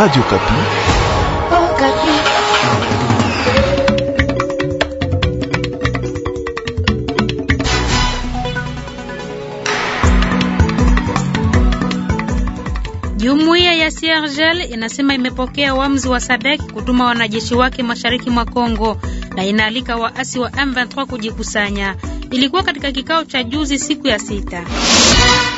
Radio Kapi. Oh, Kapi. Jumuiya ya Siergel inasema imepokea uamuzi wa Sadek kutuma wanajeshi wake mashariki mwa Kongo na inaalika waasi wa M23 kujikusanya. Ilikuwa katika kikao cha juzi siku ya sita.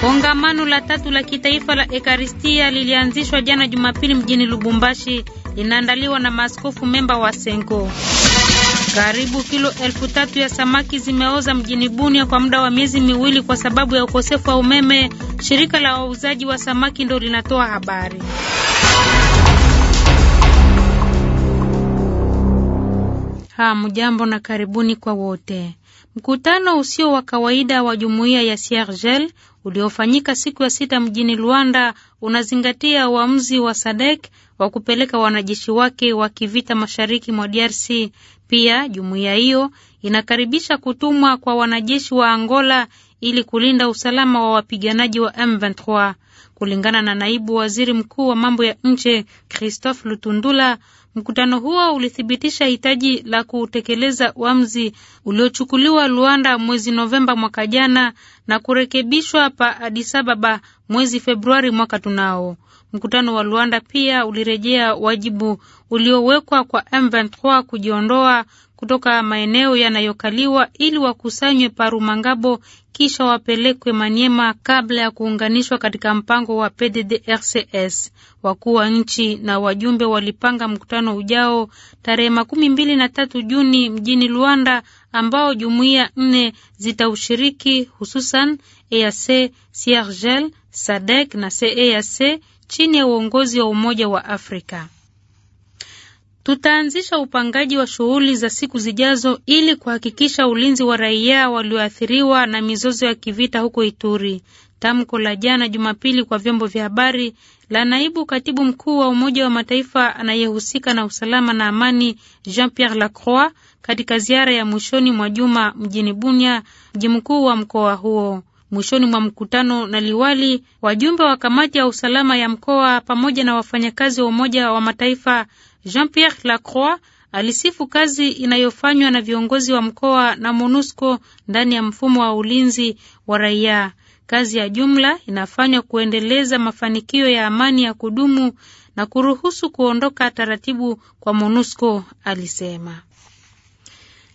Kongamano la tatu la kitaifa la Ekaristia lilianzishwa jana Jumapili mjini Lubumbashi, linaandaliwa na maaskofu memba wa Sengo. Karibu kilo elfu tatu ya samaki zimeoza mjini Bunia kwa muda wa miezi miwili kwa sababu ya ukosefu wa umeme. Shirika la wauzaji wa samaki ndo linatoa habari. Hamjambo na karibuni kwa wote. Mkutano usio wa kawaida wa jumuiya ya Siergel uliofanyika siku ya sita mjini Luanda unazingatia uamuzi wa SADC wa kupeleka wanajeshi wake wa kivita mashariki mwa DRC. Pia jumuiya hiyo inakaribisha kutumwa kwa wanajeshi wa Angola ili kulinda usalama wa wapiganaji wa M23. Kulingana na naibu waziri mkuu wa mambo ya nje Christophe Lutundula, mkutano huo ulithibitisha hitaji la kutekeleza uamuzi uliochukuliwa Luanda mwezi Novemba mwaka jana na kurekebishwa pa Addis Ababa mwezi Februari mwaka tunao. Mkutano wa Luanda pia ulirejea wajibu uliowekwa kwa M23 kujiondoa kutoka maeneo yanayokaliwa ili wakusanywe Parumangabo kisha wapelekwe Maniema kabla ya kuunganishwa katika mpango wa PDDRCS. Wakuu wa nchi na wajumbe walipanga mkutano ujao tarehe makumi mbili na tatu Juni mjini Luanda ambao jumuiya nne zitaushiriki hususan EAC, Siergel, sadec na CEAC chini ya uongozi wa Umoja wa Afrika. Tutaanzisha upangaji wa shughuli za siku zijazo ili kuhakikisha ulinzi wa raia walioathiriwa na mizozo ya kivita huko Ituri. Tamko la jana Jumapili kwa vyombo vya habari la naibu katibu mkuu wa Umoja wa Mataifa anayehusika na usalama na amani Jean Pierre Lacroix katika ziara ya mwishoni mwa juma mjini Bunia, mji mkuu wa mkoa huo. Mwishoni mwa mkutano na liwali, wajumbe wa kamati ya usalama ya mkoa pamoja na wafanyakazi wa Umoja wa Mataifa Jean-Pierre Lacroix alisifu kazi inayofanywa na viongozi wa mkoa na MONUSCO ndani ya mfumo wa ulinzi wa raia. Kazi ya jumla inafanywa kuendeleza mafanikio ya amani ya kudumu na kuruhusu kuondoka taratibu kwa MONUSCO, alisema.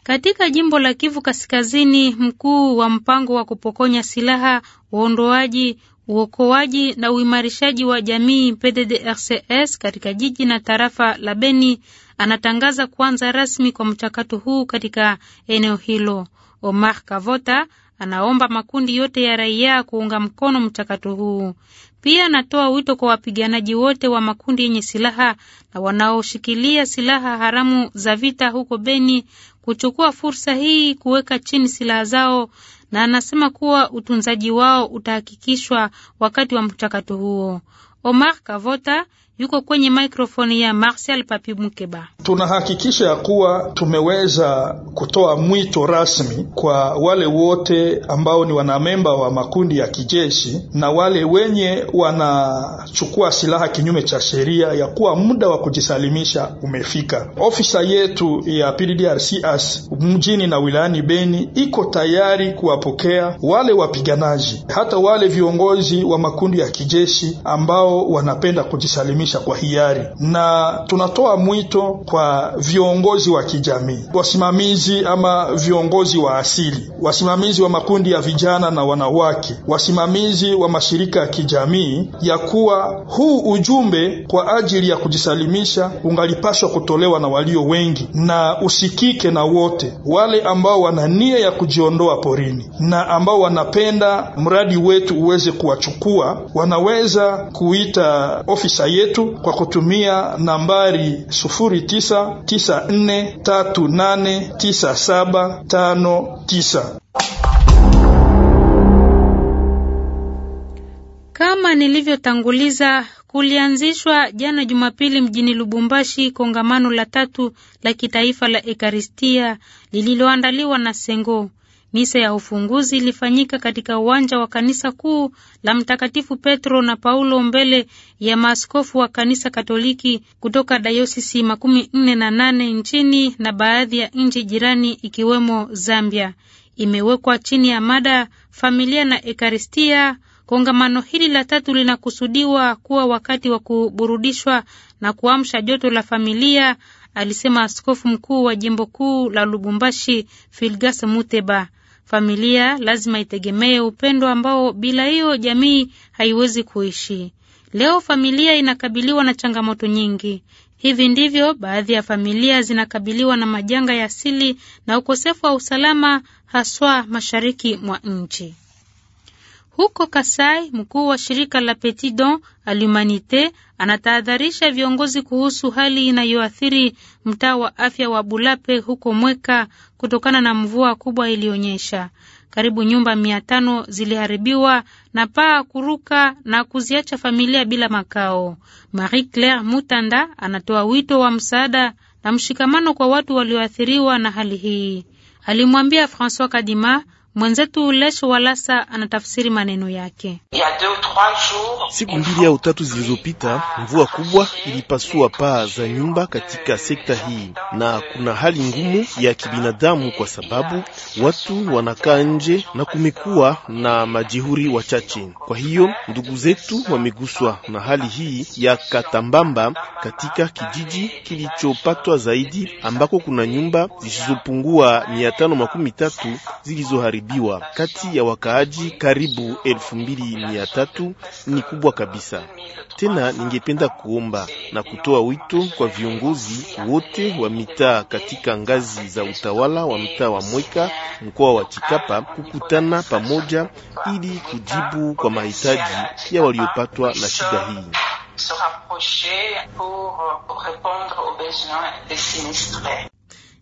Katika jimbo la Kivu Kaskazini, mkuu wa mpango wa kupokonya silaha, uondoaji, uokoaji na uimarishaji wa jamii PDDRCS katika jiji na tarafa la Beni anatangaza kuanza rasmi kwa mchakato huu katika eneo hilo. Omar Kavota anaomba makundi yote ya raia kuunga mkono mchakato huu. Pia anatoa wito kwa wapiganaji wote wa makundi yenye silaha na wanaoshikilia silaha haramu za vita huko Beni kuchukua fursa hii kuweka chini silaha zao na anasema kuwa utunzaji wao utahakikishwa wakati wa mchakato huo. Omar Kavota yuko kwenye mikrofoni ya Marcel Papi Mukeba. Tunahakikisha ya kuwa tumeweza kutoa mwito rasmi kwa wale wote ambao ni wanamemba wa makundi ya kijeshi na wale wenye wanachukua silaha kinyume cha sheria ya kuwa muda wa kujisalimisha umefika. Ofisa yetu ya PDDRCS mjini na wilayani Beni iko tayari kuwapokea wale wapiganaji, hata wale viongozi wa makundi ya kijeshi ambao wanapenda kujisalimisha kuisha kwa hiari, na tunatoa mwito kwa viongozi wa kijamii, wasimamizi ama viongozi wa asili, wasimamizi wa makundi ya vijana na wanawake, wasimamizi wa mashirika ya kijamii, ya kuwa huu ujumbe kwa ajili ya kujisalimisha ungalipashwa kutolewa na walio wengi na usikike na wote wale ambao wana nia ya kujiondoa porini na ambao wanapenda mradi wetu uweze kuwachukua, wanaweza kuita ofisa yetu yetu kwa kutumia nambari 0994389759. Kama nilivyotanguliza, kulianzishwa jana Jumapili mjini Lubumbashi kongamano la tatu la kitaifa la Ekaristia lililoandaliwa na Sengo. Misa ya ufunguzi ilifanyika katika uwanja wa kanisa kuu la Mtakatifu Petro na Paulo mbele ya maaskofu wa kanisa Katoliki kutoka dayosisi makumi nne na nane nchini na baadhi ya nchi jirani ikiwemo Zambia. Imewekwa chini ya mada familia na Ekaristia. Kongamano hili la tatu linakusudiwa kuwa wakati wa kuburudishwa na kuamsha joto la familia, alisema askofu mkuu wa jimbo kuu la Lubumbashi, Filgas Muteba. Familia lazima itegemee upendo ambao bila hiyo jamii haiwezi kuishi. Leo familia inakabiliwa na changamoto nyingi. Hivi ndivyo baadhi ya familia zinakabiliwa na majanga ya asili na ukosefu wa usalama, haswa mashariki mwa nchi. Huko Kasai, mkuu wa shirika la Petit Don a l'Humanite anatahadharisha viongozi kuhusu hali inayoathiri mtaa wa afya wa Bulape huko Mweka kutokana na mvua kubwa iliyonyesha. Karibu nyumba mia tano ziliharibiwa na paa kuruka na kuziacha familia bila makao. Marie Claire Mutanda anatoa wito wa msaada na mshikamano kwa watu walioathiriwa na hali hii. Alimwambia Francois Kadima Mwenzetu Lesho Walasa anatafsiri maneno yake. Siku mbili au tatu zilizopita, mvua kubwa ilipasua paa za nyumba katika sekta hii, na kuna hali ngumu ya kibinadamu kwa sababu watu wanakaa nje na kumekuwa na majihuri wachache. Kwa hiyo ndugu zetu wameguswa na hali hii ya Katambamba katika kijiji kilichopatwa zaidi, ambako kuna nyumba zisizopungua mia tano makumi tatu kuharibiwa kati ya wakaaji karibu elfu mbili mia tatu ni kubwa kabisa. Tena ningependa kuomba na kutoa wito kwa viongozi wote wa mitaa katika ngazi za utawala wa mtaa wa Mweka, mkoa wa Chikapa, kukutana pamoja ili kujibu kwa mahitaji ya waliopatwa na shida hii. se rapprocher pour répondre aux besoins des sinistrés.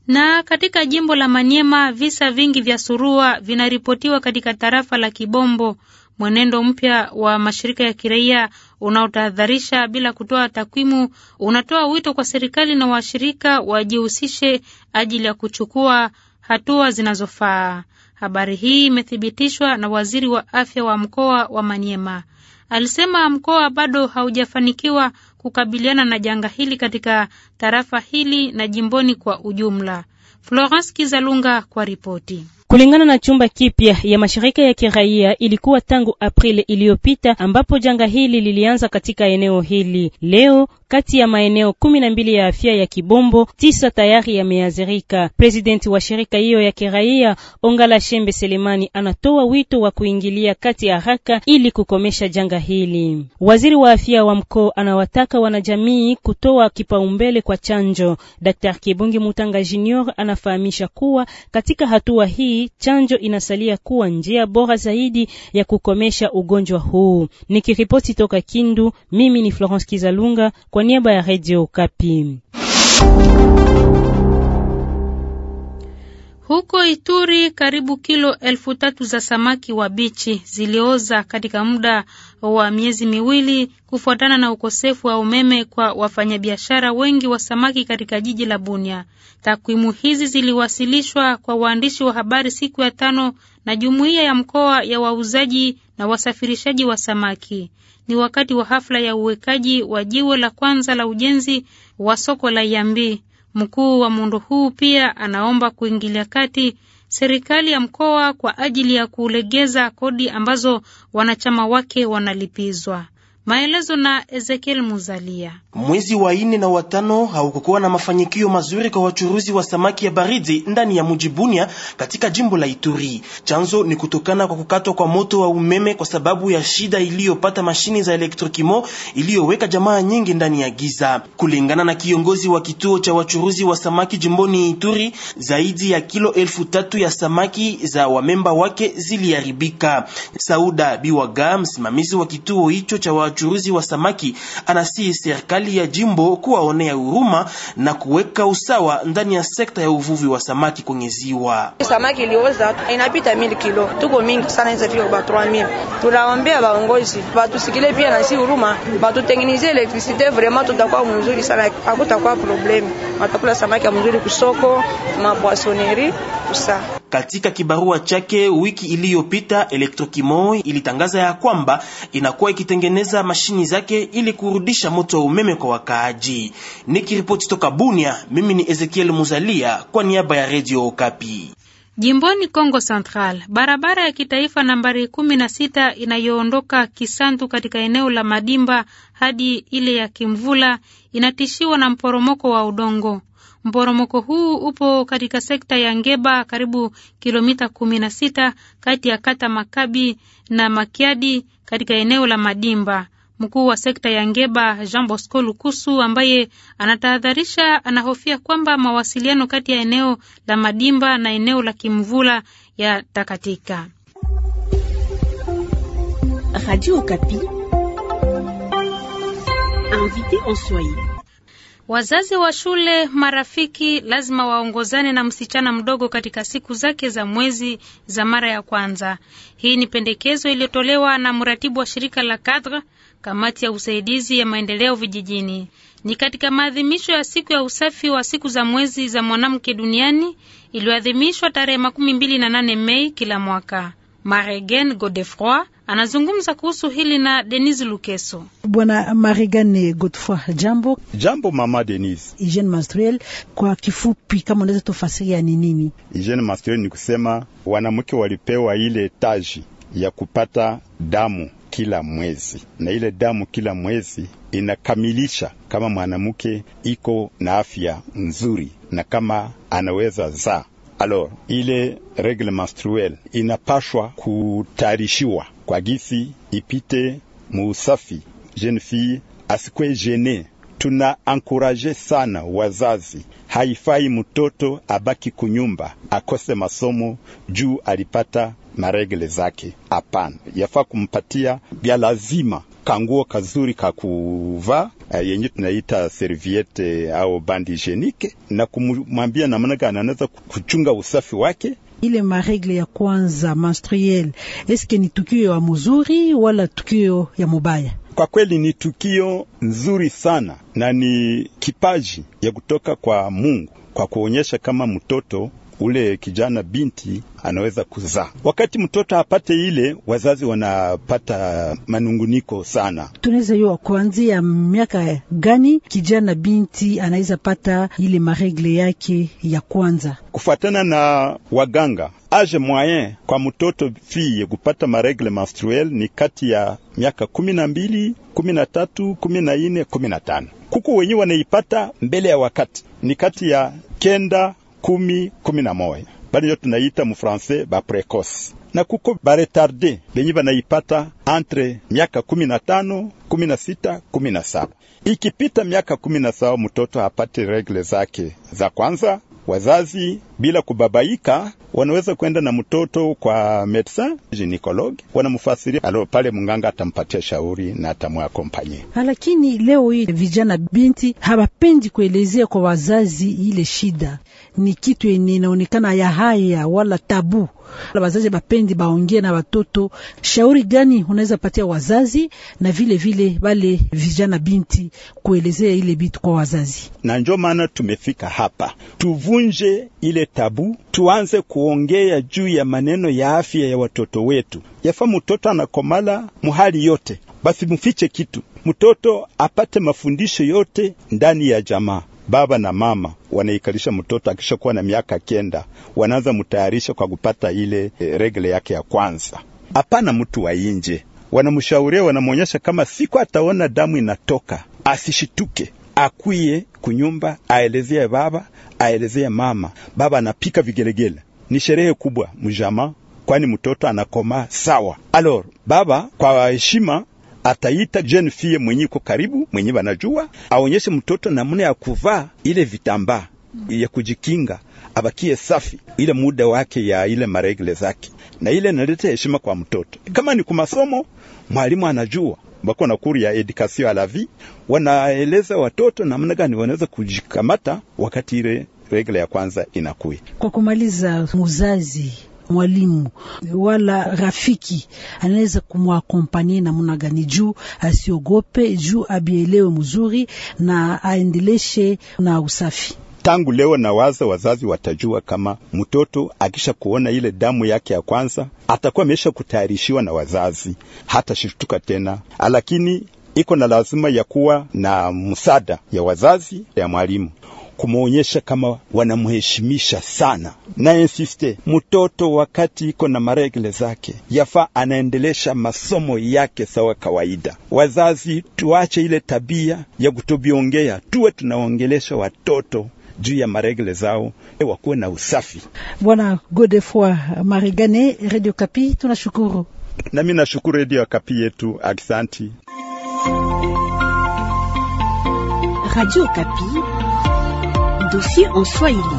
Na katika jimbo la Manyema visa vingi vya surua vinaripotiwa katika tarafa la Kibombo. Mwenendo mpya wa mashirika ya kiraia unaotahadharisha bila kutoa takwimu unatoa wito kwa serikali na washirika wajihusishe ajili ya kuchukua hatua zinazofaa. Habari hii imethibitishwa na waziri wa afya wa mkoa wa Manyema. Alisema mkoa bado haujafanikiwa kukabiliana na janga hili katika tarafa hili na jimboni kwa ujumla. Florence Kizalunga kwa ripoti. Kulingana na chumba kipya ya mashirika ya kiraia, ilikuwa tangu Aprili iliyopita ambapo janga hili lilianza katika eneo hili. Leo kati ya maeneo kumi na mbili ya afya ya Kibombo, tisa tayari yameathirika. Presidenti wa shirika hiyo ya kiraia Ongala Shembe Selemani anatoa wito wa kuingilia kati haraka ili kukomesha janga hili. Waziri wa afya wa mkoa anawataka wanajamii kutoa kipaumbele kwa chanjo. Dr. Kibungi Mutanga Junior anafahamisha kuwa katika hatua hii hii chanjo inasalia kuwa njia bora zaidi ya kukomesha ugonjwa huu. Nikiripoti toka Kindu, mimi ni Florence Kizalunga kwa niaba ya Radio Kapi. Huko Ituri karibu kilo elfu tatu za samaki wa bichi zilioza katika muda wa miezi miwili kufuatana na ukosefu wa umeme kwa wafanyabiashara wengi wa samaki katika jiji la Bunia. Takwimu hizi ziliwasilishwa kwa waandishi wa habari siku ya tano na jumuiya ya mkoa ya wauzaji na wasafirishaji wa samaki. Ni wakati wa hafla ya uwekaji wa jiwe la kwanza la ujenzi wa soko la Yambi. Mkuu wa muundo huu pia anaomba kuingilia kati serikali ya mkoa kwa ajili ya kulegeza kodi ambazo wanachama wake wanalipizwa. Maelezo na Ezekiel Muzalia. Mwezi wa ine na watano haukukuwa na mafanyikio mazuri kwa wachuruzi wa samaki ya baridi ndani ya mji Bunia katika jimbo la Ituri. Chanzo ni kutokana kwa kukatwa kwa moto wa umeme kwa sababu ya shida iliyopata mashini za elektrokimo iliyoweka jamaa nyingi ndani ya giza. Kulingana na kiongozi wa kituo cha wachuruzi wa samaki jimboni Ituri, zaidi ya kilo elfu tatu ya samaki za wamemba wake ziliharibika. Sauda Biwaga, msimamizi wa kituo hicho cha wachuuzi wa samaki, anasihi serikali ya jimbo kuwaonea huruma na kuweka usawa ndani ya sekta ya uvuvi wa samaki kwenye ziwa. Samaki ilioza inapita mili kilo, tuko mingi sana, fika kwa 3000. Tunaombea baongozi batusikile pia na si huruma, batutengenezie electricite, vraiment tutakuwa mzuri sana, hakutakuwa problemi. Watakula samaki mzuri kusoko, mapwasoneri kusa katika kibarua chake wiki iliyopita, Electrokimoi ilitangaza ya kwamba inakuwa ikitengeneza mashini zake ili kurudisha moto wa umeme kwa wakaaji. Nikiripoti toka Bunia, mimi ni Ezekiel Muzalia kwa niaba ya Radio Okapi. Jimboni Kongo Central, barabara ya kitaifa nambari kumi na sita inayoondoka Kisantu katika eneo la Madimba hadi ile ya Kimvula inatishiwa na mporomoko wa udongo. Mporomoko huu upo katika sekta ya Ngeba, karibu kilomita kumi na sita kati ya kata Makabi na Makiadi katika eneo la Madimba. Mkuu wa sekta ya Ngeba Jean Bosco Lukusu, ambaye anatahadharisha, anahofia kwamba mawasiliano kati ya eneo la Madimba na eneo la Kimvula yatakatika. Radio Okapi invité en Swahili Wazazi wa shule, marafiki lazima waongozane na msichana mdogo katika siku zake za mwezi za mara ya kwanza. Hii ni pendekezo iliyotolewa na mratibu wa shirika la Cadre, kamati ya usaidizi ya maendeleo vijijini. Ni katika maadhimisho ya siku ya usafi wa siku za mwezi za mwanamke duniani iliyoadhimishwa tarehe makumi mbili na nane Mei kila mwaka. Maregen Godefroy anazungumza kuhusu hili na Denis Lukeso. Bwana Maregen Godefroy, jambo. Jambo mama Denis. Hygiene menstruelle kwa kifupi, kama unaweza tufasiria ni nini hygiene menstruelle? Ni kusema wanamke walipewa ile taji ya kupata damu kila mwezi, na ile damu kila mwezi inakamilisha kama mwanamke iko na afya nzuri na kama anaweza zaa Alors ile regle menstruel inapashwa kutayarishiwa kwa gisi ipite muusafi, jeune fille asikwe jene. Tuna ankuraje sana wazazi, haifai mtoto abaki kunyumba akose masomo juu alipata maregle zake. Hapana, yafaa kumpatia vya lazima kanguo kazuri kakuvaa eh, yenye tunaita serviette eh, au bandi jenike, na kumwambia namna gani anaweza kuchunga usafi wake. Ile maregle ya kwanza menstruel, eske ni tukio ya mzuri wala tukio ya mubaya? Kwa kweli ni tukio nzuri sana na ni kipaji ya kutoka kwa Mungu kwa kuonyesha kama mtoto ule kijana binti anaweza kuzaa. Wakati mtoto apate ile, wazazi wanapata manunguniko sana. Tunaweza yua kuanzia miaka gani kijana binti anaweza pata ile maregle yake ya kwanza, kufuatana na waganga age moyen kwa mtoto fille kupata maregle menstruel ni kati ya miaka kumi na mbili, kumi na tatu, kumi na nne, kumi na tano. Kuku wenyewe wanaipata mbele ya wakati ni kati ya kenda kumi kumi na moya bali tunaita mufranse ba precoce na kuko baretarde benye banayipata entre miaka kumi na tano kumi na sita kumi na saba ikipita miaka kumi na saba mtoto hapate regle zake za kwanza. Wazazi bila kubabaika wanaweza kwenda na mtoto kwa medsa ginekologi, wanamfasiria alo pale, mganga atampatia shauri na atamwakompanye. Ah, lakini leo hii vijana binti hawapendi kuelezea kwa wazazi ile shida, ni kitu yenye inaonekana ya haya wala tabu. la Wazazi bapendi baongee na watoto. Shauri gani unaweza patia wazazi na vile vile wale vijana binti kuelezea ile bitu kwa wazazi? Na njo maana tumefika hapa, tuvunje ile tabu, tuanze ku kuongea juu ya maneno ya afya ya watoto wetu. Yafa mtoto anakomala muhali yote, basi mufiche kitu, mtoto apate mafundisho yote ndani ya jamaa. Baba na mama wanaikalisha mtoto akishakuwa na miaka kenda, wanaanza mtayarisha kwa kupata ile e, regle yake ya kwanza. Hapana mtu wa inje, wanamshauria wanamwonyesha, kama siku ataona damu inatoka asishituke, akwiye kunyumba aelezea baba, aelezea mama. Baba anapika vigelegele, ni sherehe kubwa mjama, kwani mtoto anakoma sawa. Alors baba kwa heshima ataita jeune fille mwenye iko karibu, mwenye banajua, aonyeshe mtoto namna ya kuvaa ile vitambaa ya kujikinga, abakie safi ile muda wake ya ile maregle zake, na ile naleta heshima kwa mtoto. Kama ni kumasomo, mwalimu anajua bako na kuru ya education à la vie, wanaeleza watoto namna gani wanaweza kujikamata wakati ile regla ya kwanza inakuya kwa kumaliza muzazi mwalimu wala rafiki anaweza kumwakompanye namuna gani juu asiogope, juu abielewe mzuri na aendeleshe na usafi. Tangu leo na waza wazazi watajua kama mtoto akisha kuona ile damu yake ya kwanza atakuwa amesha kutayarishiwa na wazazi, hatashituka tena, lakini iko na lazima ya kuwa na msaada ya wazazi ya mwalimu kumwonyesha kama wanamheshimisha sana. Na insiste mtoto, wakati iko na maregle zake, yafaa anaendelesha masomo yake sawa kawaida. Wazazi tuache ile tabia ya kutobiongea, tuwe tunaongelesha watoto juu ya maregle zao, e, wakuwe na usafi. Bwana Godefoi Marigane, Radio Kapi, tunashukuru. Nami nashukuru Radio Kapi yetu, aksanti. Radio Kapi dossier en Swahili.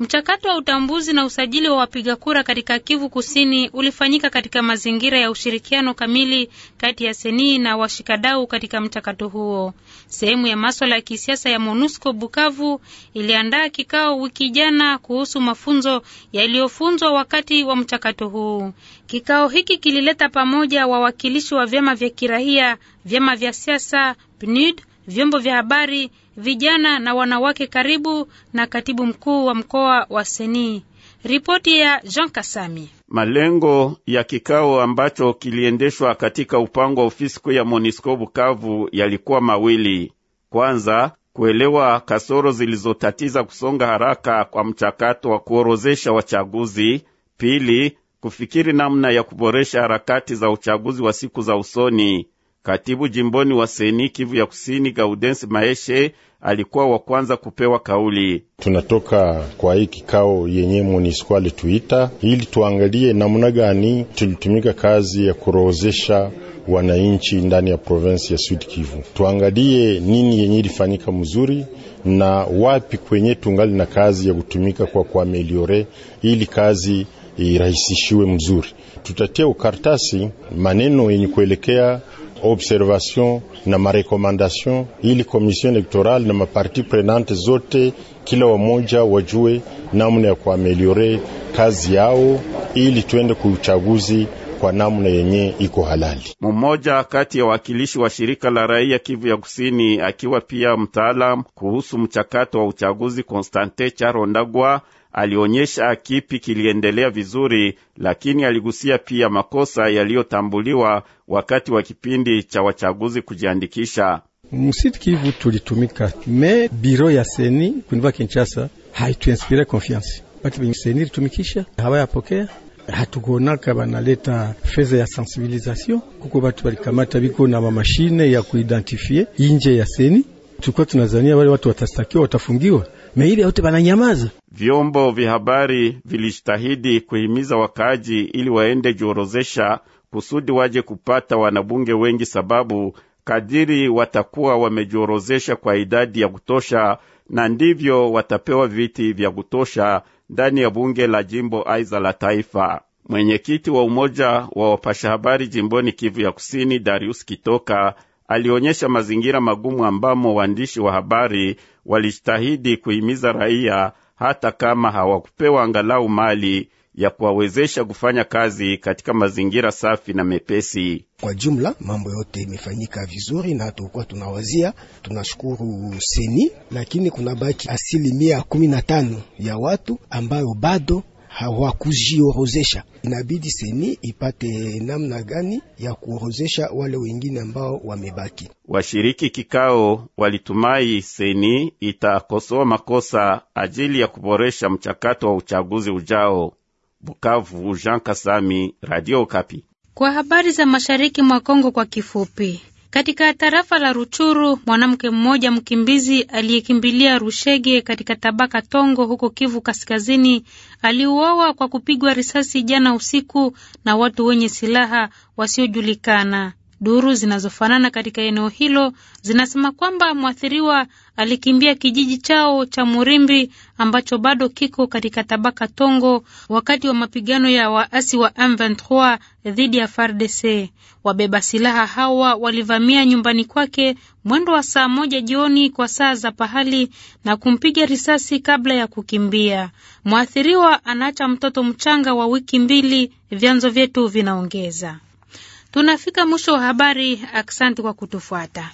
Mchakato wa utambuzi na usajili wa wapiga kura katika Kivu Kusini ulifanyika katika mazingira ya ushirikiano kamili kati ya senii na washikadau katika mchakato huo. Sehemu ya maswala ya kisiasa ya MONUSCO Bukavu iliandaa kikao wiki jana kuhusu mafunzo yaliyofunzwa wakati wa mchakato huu. Kikao hiki kilileta pamoja wawakilishi wa vyama vya kiraia, vyama vya siasa, PNUD, vyombo vya habari vijana na wanawake karibu na katibu mkuu wa mkoa wa Seni. Ripoti ya Jean Kasami. Malengo ya kikao ambacho kiliendeshwa katika upango wa ofisi kuu ya Monisco Bukavu yalikuwa mawili. Kwanza, kuelewa kasoro zilizotatiza kusonga haraka kwa mchakato wa kuorozesha wachaguzi. Pili, kufikiri namna ya kuboresha harakati za uchaguzi wa siku za usoni. Katibu jimboni wa seni Kivu ya Kusini, Gaudensi Maeshe alikuwa wa kwanza kupewa kauli. Tunatoka kwa hii kikao yenye MONUSCO alituita ili tuangalie namna gani tulitumika kazi ya kurohozesha wananchi ndani ya provinsi ya Sud Kivu, tuangalie nini yenye ilifanyika mzuri na wapi kwenye tungali na kazi ya kutumika kwa kuameliore, ili kazi irahisishiwe mzuri. Tutatia ukartasi maneno yenye kuelekea observation na marekomandasyon ili komision elektorali na maparti prenante zote kila wamoja wajue namna ya kuameliore kazi yao ili tuende kuchaguzi kwa namna yenye iko halali. Mmoja kati ya wakilishi wa shirika la raia Kivu ya Kusini, akiwa pia mtaalamu kuhusu mchakato wa uchaguzi, Konstante Charo Ndagwa alionyesha kipi kiliendelea vizuri, lakini aligusia pia makosa yaliyotambuliwa wakati wa kipindi cha wachaguzi kujiandikisha. Msiti Kivu tulitumika me biro ya seni kuniva Kinshasa haituinspire konfiansi bati seni litumikisha hawayapokea hatukonaka banaleta feza ya sensibilisation kuko batu balikamata biko na mamashine ya kuidentifie inje ya seni. Tulikuwa tunazania wale watu watastakiwa, watafungiwa meile yote bananyamaza. Vyombo vya habari vilistahidi kuhimiza wakaaji ili waende jiorozesha kusudi waje kupata wanabunge wengi, sababu kadiri watakuwa wamejiorozesha kwa idadi ya kutosha, na ndivyo watapewa viti vya kutosha ndani ya bunge la jimbo aiza la taifa. Mwenyekiti wa umoja wa wapasha habari jimboni Kivu ya Kusini, Darius Kitoka alionyesha mazingira magumu ambamo waandishi wa habari walistahidi kuhimiza raia, hata kama hawakupewa angalau mali ya kuwawezesha kufanya kazi katika mazingira safi na mepesi. Kwa jumla mambo yote imefanyika vizuri na tulikuwa tunawazia, tunashukuru seni, lakini kuna baki asilimia kumi na tano ya watu ambayo bado hawakujiorozesha. Inabidi seni ipate namna gani ya kuorozesha wale wengine ambao wamebaki. Washiriki kikao walitumai seni itakosoa makosa ajili ya kuboresha mchakato wa uchaguzi ujao. Bukavu, Jean Kasami, Radio Kapi. Kwa habari za mashariki mwa Kongo kwa kifupi. Katika tarafa la Ruchuru, mwanamke mmoja mkimbizi aliyekimbilia Rushege katika tabaka Tongo huko Kivu Kaskazini aliuawa kwa kupigwa risasi jana usiku na watu wenye silaha wasiojulikana. Duru zinazofanana katika eneo hilo zinasema kwamba mwathiriwa alikimbia kijiji chao cha Murimbi ambacho bado kiko katika tabaka Tongo wakati wa mapigano ya waasi wa M23 dhidi ya FARDC. Wabeba silaha hawa walivamia nyumbani kwake mwendo wa saa moja jioni kwa saa za pahali na kumpiga risasi kabla ya kukimbia. Mwathiriwa anaacha mtoto mchanga wa wiki mbili, vyanzo vyetu vinaongeza. Tunafika mwisho wa habari. Aksanti kwa kutufuata.